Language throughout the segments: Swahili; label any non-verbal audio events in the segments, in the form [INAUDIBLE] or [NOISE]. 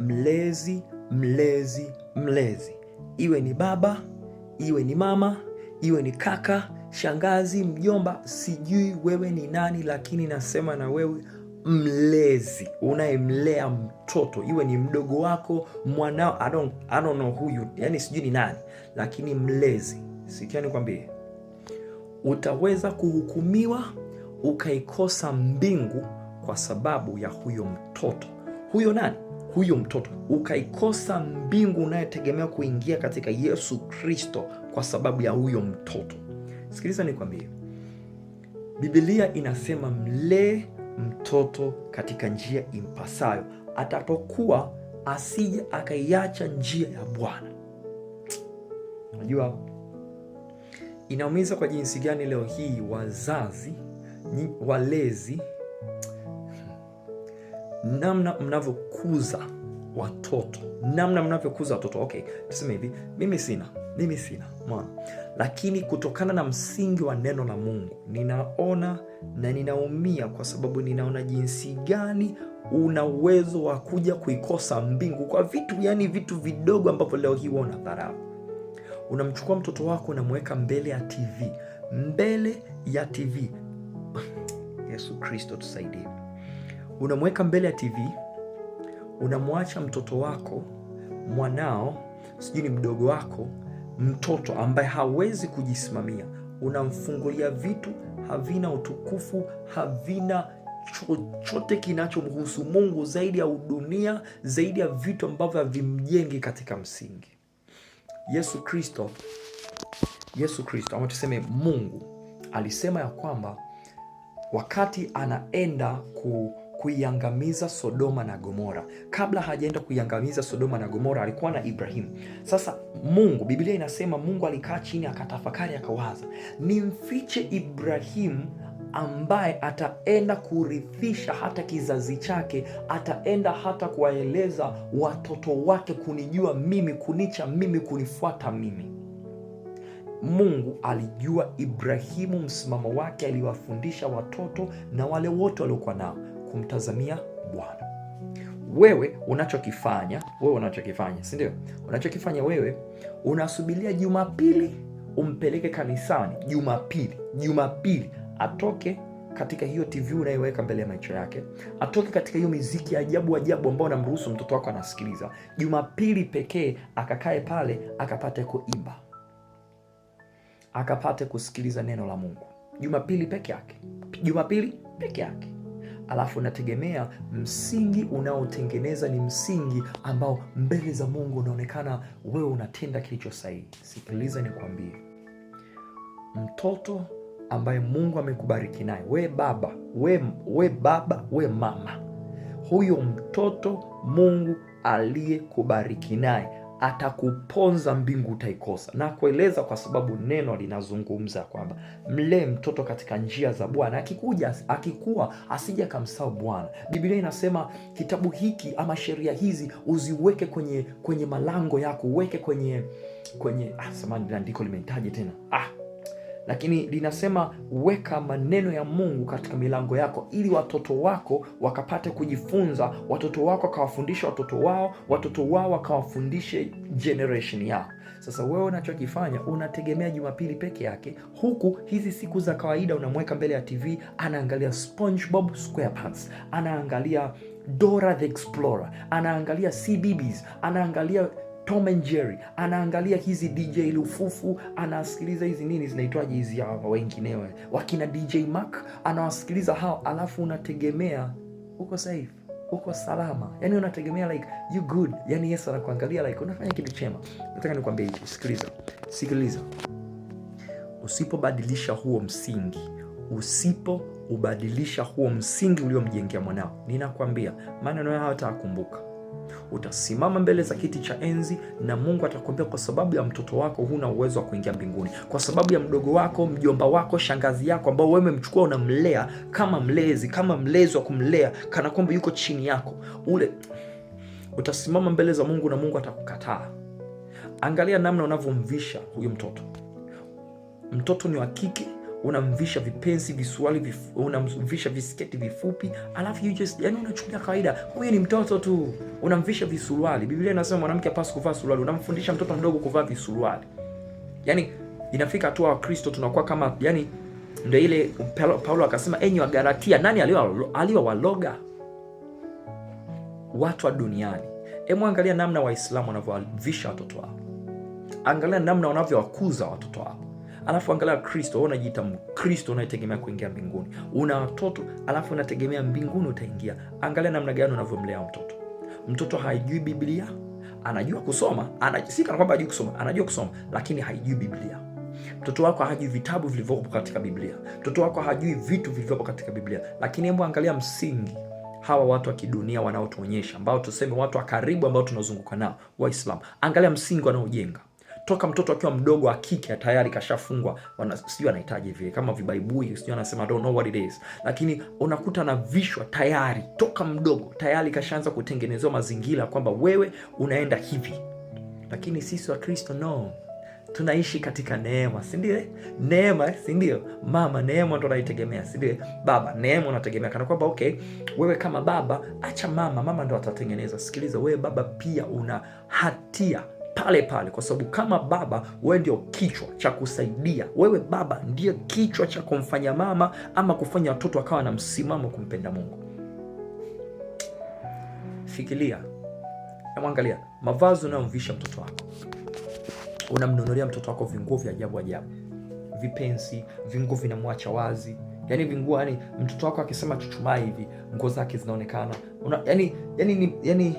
mlezi, mlezi, mlezi, iwe ni baba, iwe ni mama, iwe ni kaka, shangazi, mjomba, sijui wewe ni nani, lakini nasema na wewe mlezi unayemlea mtoto, iwe ni mdogo wako, mwanao, I don't, I don't know who you, yani sijui ni nani, lakini mlezi, sikia nikwambie, utaweza kuhukumiwa ukaikosa mbingu kwa sababu ya huyo mtoto. Huyo nani? huyu mtoto ukaikosa mbingu unayotegemea kuingia katika Yesu Kristo kwa sababu ya huyo mtoto. Sikiliza nikwambie, Biblia inasema mlee mtoto katika njia impasayo, atapokuwa asije akaiacha njia ya Bwana. Unajua inaumiza kwa jinsi gani leo hii wazazi, walezi namna mnavyokuza watoto, namna mnavyokuza watoto. Okay, tuseme hivi, mimi sina mimi sina mwana, lakini kutokana na msingi wa neno la Mungu ninaona na ninaumia, kwa sababu ninaona jinsi gani una uwezo wa kuja kuikosa mbingu kwa vitu, yani vitu vidogo ambavyo leo hii una dharau. Unamchukua mtoto wako unamweka mbele ya TV, mbele ya TV. [LAUGHS] Yesu Kristo tusaidie unamweka mbele ya TV, unamwacha mtoto wako, mwanao, sijui ni mdogo wako, mtoto ambaye hawezi kujisimamia, unamfungulia vitu havina utukufu, havina chochote kinachomhusu Mungu zaidi ya udunia, zaidi ya vitu ambavyo havimjengi katika msingi. Yesu Kristo, Yesu Kristo ama tuseme Mungu alisema ya kwamba wakati anaenda ku kuiangamiza Sodoma na Gomora. Kabla hajaenda kuiangamiza Sodoma na Gomora, alikuwa na Ibrahimu. Sasa Mungu, Biblia inasema Mungu alikaa chini akatafakari, akawaza, nimfiche Ibrahimu ambaye ataenda kurithisha hata kizazi chake, ataenda hata kuwaeleza watoto wake kunijua mimi, kunicha mimi, kunifuata mimi. Mungu alijua Ibrahimu, msimamo wake, aliwafundisha watoto na wale wote waliokuwa nao kumtazamia Bwana. Wewe unachokifanya wewe unachokifanya si ndio? Unachokifanya wewe unasubilia Jumapili umpeleke kanisani, Jumapili Jumapili atoke katika hiyo TV unayoweka mbele ya macho yake, atoke katika hiyo miziki ajabu ajabu ambao unamruhusu mtoto wako anasikiliza, Jumapili pekee akakae pale akapate kuimba, akapate kusikiliza neno la Mungu, Jumapili peke yake, Jumapili peke yake alafu nategemea msingi unaotengeneza ni msingi ambao mbele za Mungu unaonekana wewe unatenda kilicho sahihi. Sikiliza nikwambie, mtoto ambaye Mungu amekubariki naye we baba, we, we baba, we mama, huyo mtoto Mungu aliyekubariki naye atakuponza mbingu utaikosa. Na kueleza kwa sababu neno linazungumza kwamba mlee mtoto katika njia za Bwana, akikuja akikuwa asija kamsao Bwana. Biblia inasema kitabu hiki ama sheria hizi uziweke kwenye kwenye malango yako, uweke kwenye kwenye ah, samani andiko tena ah lakini linasema weka maneno ya Mungu katika milango yako, ili watoto wako wakapate kujifunza, watoto wako wakawafundisha watoto wao, watoto wao wakawafundishe generation yao. Sasa wewe unachokifanya unategemea Jumapili peke yake, huku hizi siku za kawaida unamweka mbele ya TV, anaangalia SpongeBob SquarePants, anaangalia Dora the Explorer, anaangalia cbbs anaangalia Tom and Jerry, anaangalia hizi DJ Lufufu, anasikiliza hizi nini zinaitwaje hizi wenginewe wakina DJ Mark, anawasikiliza hao, alafu unategemea uko safe uko salama, yani unategemea like you good, yani Yesu anakuangalia like unafanya kitu chema. Nataka nikwambie hivi, sikiliza, sikiliza, usipobadilisha huo msingi, usipoubadilisha huo msingi uliomjengea mwanao, ninakwambia maneno hayo hatakumbuka Utasimama mbele za kiti cha enzi na Mungu atakwambia, kwa sababu ya mtoto wako huna uwezo wa kuingia mbinguni, kwa sababu ya mdogo wako, mjomba wako, shangazi yako, ambao wewe umemchukua unamlea kama mlezi, kama mlezi wa kumlea, kana kwamba yuko chini yako ule. Utasimama mbele za Mungu na Mungu atakukataa. Angalia namna unavyomvisha huyu mtoto. Mtoto ni wa kike unamvisha vipensi visuali vifu, unamvisha visketi vifupi, alafu you just yani unachukulia kawaida, huyu ni mtoto tu, unamvisha visuruali. Biblia inasema mwanamke hapaswi kuvaa suruali, unamfundisha mtoto mdogo kuvaa visuruali. Yani inafika hatua Wakristo tunakuwa kama yani, ndio ile Paulo akasema, enyi Wagalatia, nani aliwawaloga watu wa duniani? Hebu angalia namna Waislamu wanavyowavisha watoto wao, angalia namna wanavyowakuza watoto wao alafu angalia Kristo, wewe unajiita Mkristo unayetegemea kuingia mbinguni, una watoto alafu unategemea mbinguni utaingia. Angalia namna gani unavyomlea mtoto. Mtoto haijui Biblia, anajua kusoma ana, kwamba hajui kusoma, anajua kusoma lakini haijui Biblia. Mtoto wako hajui vitabu vilivyopo katika Biblia, mtoto wako hajui vitu vilivyopo katika Biblia. Lakini hebu angalia msingi hawa watu wa kidunia wanaotuonyesha, ambao tuseme watu wa karibu ambao tunazunguka nao, Waislamu, angalia msingi wanaojenga toka mtoto akiwa mdogo wa kike tayari kashafungwa, sijui anahitaji vile kama vibaibui, sijui anasema don't know what it is, lakini unakuta na vishwa tayari toka mdogo tayari kashaanza kutengenezewa mazingira kwamba wewe unaenda hivi. Lakini sisi wa Kristo no tunaishi katika neema, si ndio? Neema, si ndio? Mama neema ndo anaitegemea, si ndio? Baba neema unategemea, kana kwamba okay, wewe kama baba, acha mama, mama ndo atatengeneza. Sikiliza wewe baba, pia una hatia pale pale, kwa sababu kama baba, wewe ndio kichwa cha kusaidia. Wewe baba ndiye kichwa cha kumfanya mama ama kufanya watoto akawa na msimamo kumpenda Mungu. Fikiria na mwangalia mavazi unayomvisha mtoto wako, unamnunulia mtoto wako vinguo vya ajabu ajabu, vipensi, vinguo vinamwacha wazi yani vinguo, yani mtoto wako akisema chuchumaa hivi nguo zake zinaonekana, yani yani yaani yani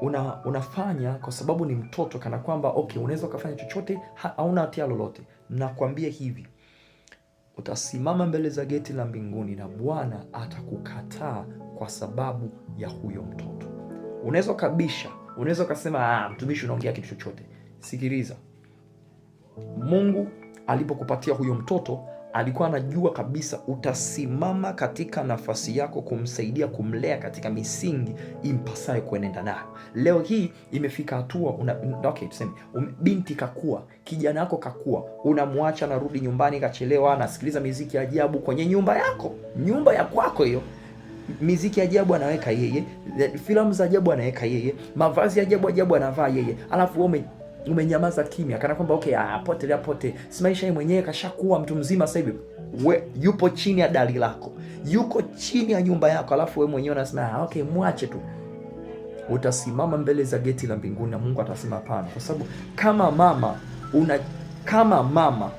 una, unafanya kwa sababu ni mtoto, kana kwamba okay, unaweza ukafanya chochote, hauna hatia lolote. Nakwambia hivi, utasimama mbele za geti la mbinguni na Bwana atakukataa kwa sababu ya huyo mtoto. Unaweza ukabisha, unaweza ukasema ah, mtumishi unaongea kitu chochote. Sikiliza, Mungu alipokupatia huyo mtoto alikuwa anajua kabisa utasimama katika nafasi yako kumsaidia kumlea katika misingi impasayo kuenenda nayo. Leo hii imefika hatua una, okay, tuseme um, binti kakua, kijana wako kakua, unamwacha anarudi nyumbani kachelewa, anasikiliza miziki ya ajabu kwenye nyumba yako, nyumba ya kwako hiyo miziki ajabu anaweka yeye, filamu za ajabu anaweka yeye, mavazi ajabu ajabu anavaa yeye, alafu ume umenyamaza kimya, kana kwamba okay, apote pote, si maisha yeye mwenyewe kashakuwa mtu mzima sasa hivi. We, yupo chini ya dari lako, yuko chini ya nyumba yako, alafu wewe mwenyewe unasema ah, okay, mwache tu. Utasimama mbele za geti la mbinguni na Mungu atasema hapana, kwa sababu kama mama una kama mama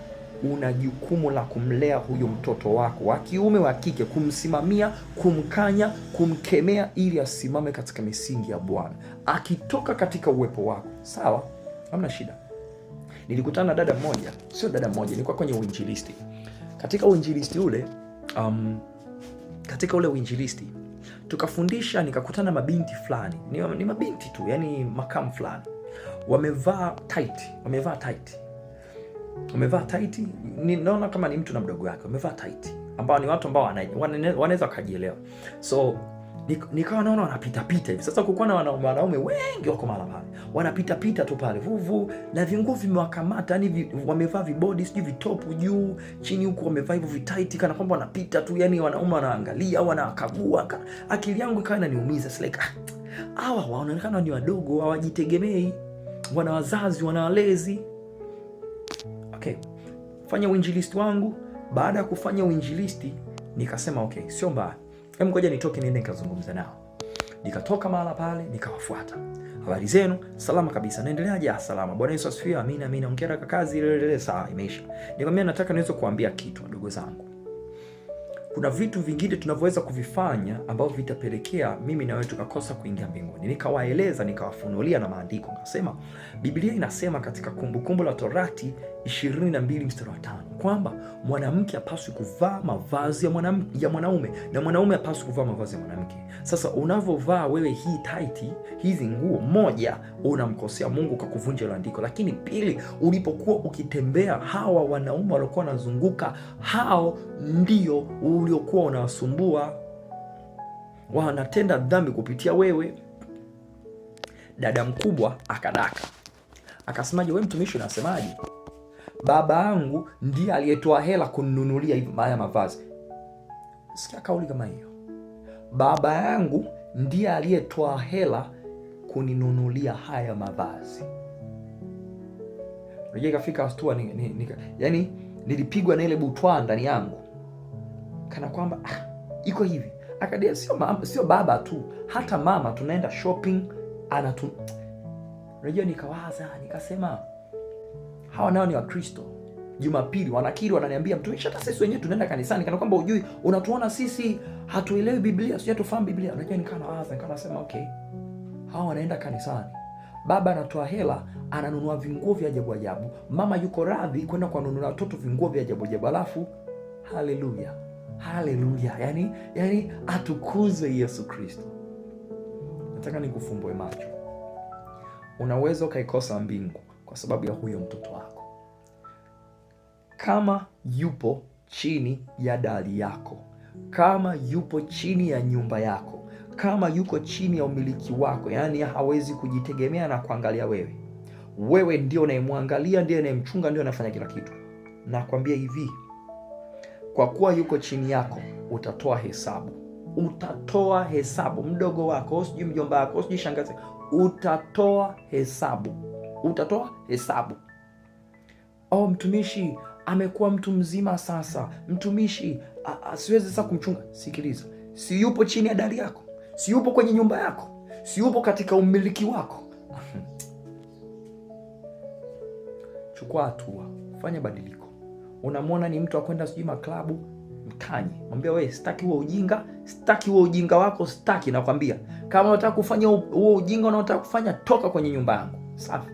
una jukumu la kumlea huyo mtoto wako wa kiume wa kike, kumsimamia, kumkanya, kumkemea ili asimame katika misingi ya Bwana akitoka katika uwepo wako, sawa hamna shida. Nilikutana na dada mmoja, sio dada mmoja, nilikuwa kwenye uinjilisti. Katika uinjilisti ule um, katika ule uinjilisti tukafundisha, nikakutana mabinti fulani, ni, ni mabinti tu, yani makamu fulani, wamevaa tight, wamevaa tight, wamevaa tight. Ninaona kama ni mtu na mdogo wake, wamevaa tight, ambao ni watu ambao wanaweza wakajielewa so nikawa naona wanapita pita hivi sasa. Kukuwa na wanaume wengi wako mahala pale, wanapita pita tu pale vuvu, na vinguo vimewakamata, yani wamevaa vibodi, sijui vitopu juu chini huku, wamevaa hivyo vitaiti, kana kwamba wanapita tu, yani wanaume wanaangalia au wanakagua. Akili yangu ikawa inaniumiza, it's like ah, hawa wanaonekana ni wadogo, hawajitegemei, wana wazazi, wana walezi. Okay, fanya uinjilisti wangu. Baada ya kufanya uinjilisti, nikasema okay, sio mbaya Hem, ngoja nitoke niende nikazungumza nao. Nikatoka mahala pale nikawafuata. Habari zenu? Salama kabisa. Naendeleaje? Ah, salama. Bwana Yesu asifiwe. Amina, amina. Ongera kwa kazi ile ile sawa, imeisha. Nikamwambia nataka niweze kuambia kitu ndugu zangu. Kuna vitu vingine tunavyoweza kuvifanya ambavyo vitapelekea mimi na wewe tukakosa kuingia mbinguni. Nikawaeleza, nikawafunulia na maandiko. Nikasema Biblia inasema katika kumbukumbu la Torati 22 mstari wa kwamba mwanamke apaswi kuvaa mavazi ya, mwana, ya mwanaume na mwanaume apaswi kuvaa mavazi ya mwanamke. Sasa unavyovaa wewe hii taiti hizi nguo, moja, unamkosea Mungu kwa kuvunja hilo andiko, lakini pili, ulipokuwa ukitembea hawa wanaume waliokuwa wanazunguka hao ndio uliokuwa unawasumbua, wanatenda dhambi kupitia wewe. Dada mkubwa akadaka akasemaje, we mtumishi, unasemaje? baba yangu ndiye aliyetoa hela kuninunulia haya mavazi. Sikia kauli kama hiyo, baba yangu ndiye aliyetoa hela kuninunulia haya mavazi. najua ikafika hatua ni, ni, ni, yani nilipigwa na ile butwa ndani yangu, kana kwamba ah, iko hivi akadia. Sio sio baba tu, hata mama tunaenda shopping anatu. najua nikawaza nikasema hawa nao ni Wakristo. Jumapili wanakiri, wananiambia mtumishi, hata sisi wenyewe tunaenda kanisani kana kwamba ujui, unatuona sisi hatuelewi Biblia, sio hatufahamu Biblia. Unajua, nikaa nawaza, nikaa nasema okay, hawa wanaenda kanisani, baba anatoa hela, ananunua vinguo vya ajabu ajabu, mama yuko radhi kwenda kuwanunulia watoto vinguo vya ajabu ajabu, alafu haleluya, haleluya, yani yani atukuzwe Yesu Kristo. Nataka nikufumbue macho, unaweza ukaikosa mbingu kwa sababu ya huyo mtoto wako. Kama yupo chini ya dari yako, kama yupo chini ya nyumba yako, kama yuko chini ya umiliki wako, yaani hawezi kujitegemea na kuangalia wewe, wewe ndio unayemwangalia, ndio unayemchunga, ndio anafanya kila kitu. Nakwambia hivi, kwa kuwa yuko chini yako, utatoa hesabu, utatoa hesabu. Mdogo wako sijui mjomba wako sijui shangazi, utatoa hesabu utatoa hesabu. Oh, mtumishi amekuwa mtu mzima sasa, mtumishi asiwezi sasa kumchunga. Sikiliza, si yupo chini ya dari yako, si yupo kwenye nyumba yako, si yupo katika umiliki wako. [LAUGHS] Chukua hatua, fanya badiliko. Unamwona ni mtu akwenda sijui maklabu, mkanye, mwambia we, sitaki huo ujinga, sitaki huo ujinga wako, sitaki. Nakwambia, kama unataka kufanya huo ujinga unaotaka kufanya, toka kwenye nyumba yangu. Safi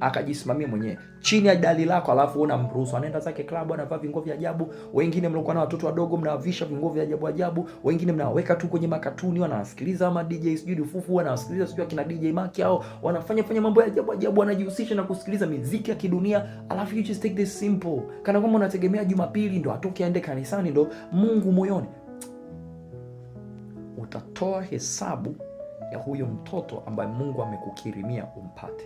akajisimamia mwenyewe chini ya dali lako, alafu una mruhusu anaenda zake klabu, anavaa vinguo vya ajabu. Wengine mlikuwa na watoto wadogo mnawavisha vinguo vya ajabu ajabu, wengine mnawaweka tu kwenye makatuni, wanawasikiliza ama DJ sijui dufufu, wanawasikiliza sijui akina DJ Maki, au wanafanya fanya mambo ya ajabu ajabu, wanajihusisha na kusikiliza miziki ya kidunia, alafu you just take this simple, kana kwamba unategemea Jumapili ndo atoke aende kanisani ndo Mungu moyoni. Utatoa hesabu ya huyo mtoto ambaye Mungu amekukirimia umpate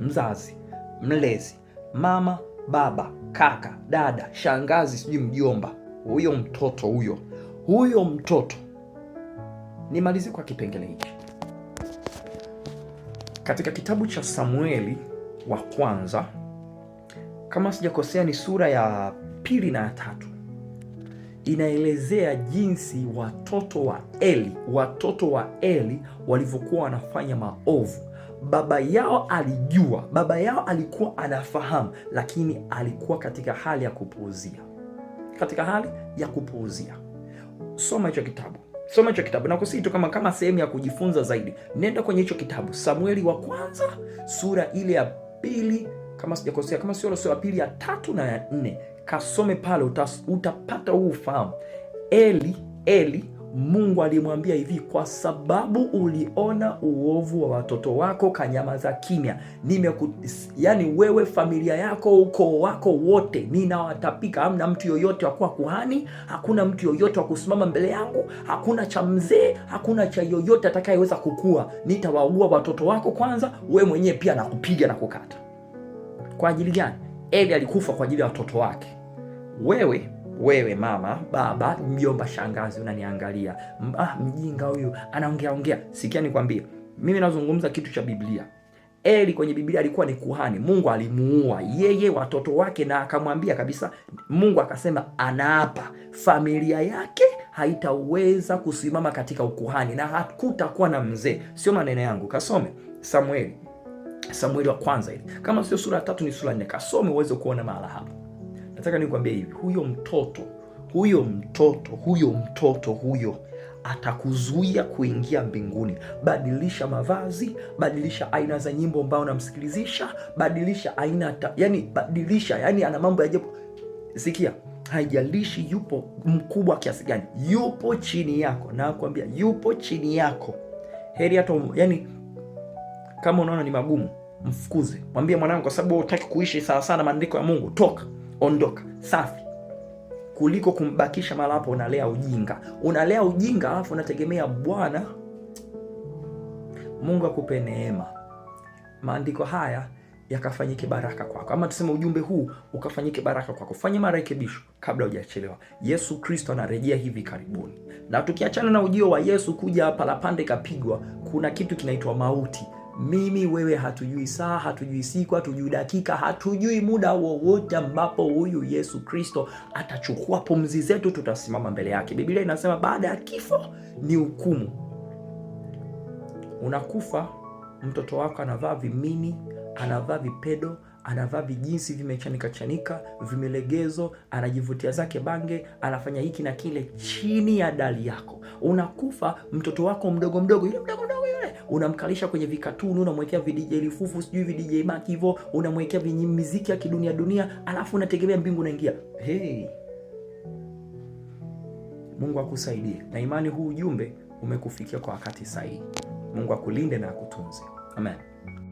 mzazi, mlezi, mama, baba, kaka, dada, shangazi, sijui mjomba. Huyo mtoto huyo huyo mtoto, nimalizie kwa kipengele hiki katika kitabu cha Samueli wa kwanza, kama sijakosea, ni sura ya pili na ya tatu inaelezea jinsi watoto wa Eli watoto wa Eli walivyokuwa wanafanya maovu baba yao alijua, baba yao alikuwa anafahamu, lakini alikuwa katika hali ya kupuuzia, katika hali ya kupuuzia. Soma hicho kitabu, soma hicho kitabu, nakusii tu kama kama sehemu ya kujifunza zaidi. Nenda kwenye hicho kitabu, Samueli wa kwanza sura ile ya pili, kama sijakosea, kama sio sura ya pili, ya tatu na ya nne, kasome pale, utapata huu ufahamu. Eli Eli Mungu alimwambia hivi, kwa sababu uliona uovu wa watoto wako kanyamaza kimya, nimeku yani wewe familia yako ukoo wako wote ninawatapika. Hamna mtu yoyote wa kuwa kuhani, hakuna mtu yoyote wa kusimama mbele yangu, hakuna cha mzee, hakuna cha yoyote atakayeweza kukua. Nitawaua watoto wako kwanza, we mwenyewe pia nakupiga na kukata. Kwa ajili gani? Eli alikufa kwa ajili ya watoto wake, wewe wewe mama, baba, mjomba, shangazi unaniangalia, ah, mjinga huyu anaongea ongea. Sikia nikwambie, mimi nazungumza kitu cha Biblia. Eli kwenye Biblia alikuwa ni kuhani. Mungu alimuua yeye, watoto wake, na akamwambia kabisa, Mungu akasema anaapa familia yake haitaweza kusimama katika ukuhani na hakutakuwa na mzee. Sio maneno yangu, kasome Samueli, Samueli wa kwanza, ili kama sio sura ya tatu ni sura nne, kasome uweze kuona mahala hapo nataka nikuambia hivi, huyo mtoto huyo mtoto huyo mtoto huyo atakuzuia kuingia mbinguni. Badilisha mavazi, badilisha aina za nyimbo ambayo unamsikilizisha, badilisha aina ta, yani badilisha, yani ana mambo ya japo. Sikia, haijalishi yupo mkubwa kiasi gani, yupo chini yako, na kuambia yupo chini yako. Heri hata yani, kama unaona ni magumu, mfukuze, mwambie mwanangu, kwa sababu hutaki kuishi sawa sana maandiko ya Mungu, toka ondoka, safi, kuliko kumbakisha mara hapo. Unalea ujinga, unalea ujinga alafu unategemea Bwana Mungu akupe neema. Maandiko haya yakafanyike baraka kwako, ama tuseme ujumbe huu ukafanyike baraka kwako. Fanya marekebisho kabla hujachelewa. Yesu Kristo anarejea hivi karibuni, na tukiachana na ujio wa Yesu kuja palapande kapigwa, kuna kitu kinaitwa mauti mimi wewe, hatujui saa, hatujui siku, hatujui dakika, hatujui muda wowote ambapo huyu Yesu Kristo atachukua pumzi zetu, tutasimama mbele yake. Biblia inasema baada ya kifo ni hukumu. Unakufa, mtoto wako anavaa vimini, anavaa vipedo anavaa vijinsi vimechanika chanika vimelegezo, anajivutia zake bange, anafanya hiki na kile chini ya dali yako. Unakufa, mtoto wako mdogo mdogo yule mdogo mdogo unamkalisha kwenye vikatuni, unamwekea vidije lifufu sijui vidije maki hivyo, unamwekea miziki ya kidunia dunia, alafu unategemea mbingu unaingia. Hey, Mungu akusaidie, na imani huu ujumbe umekufikia kwa wakati sahihi. Mungu akulinde na akutunze. Amen.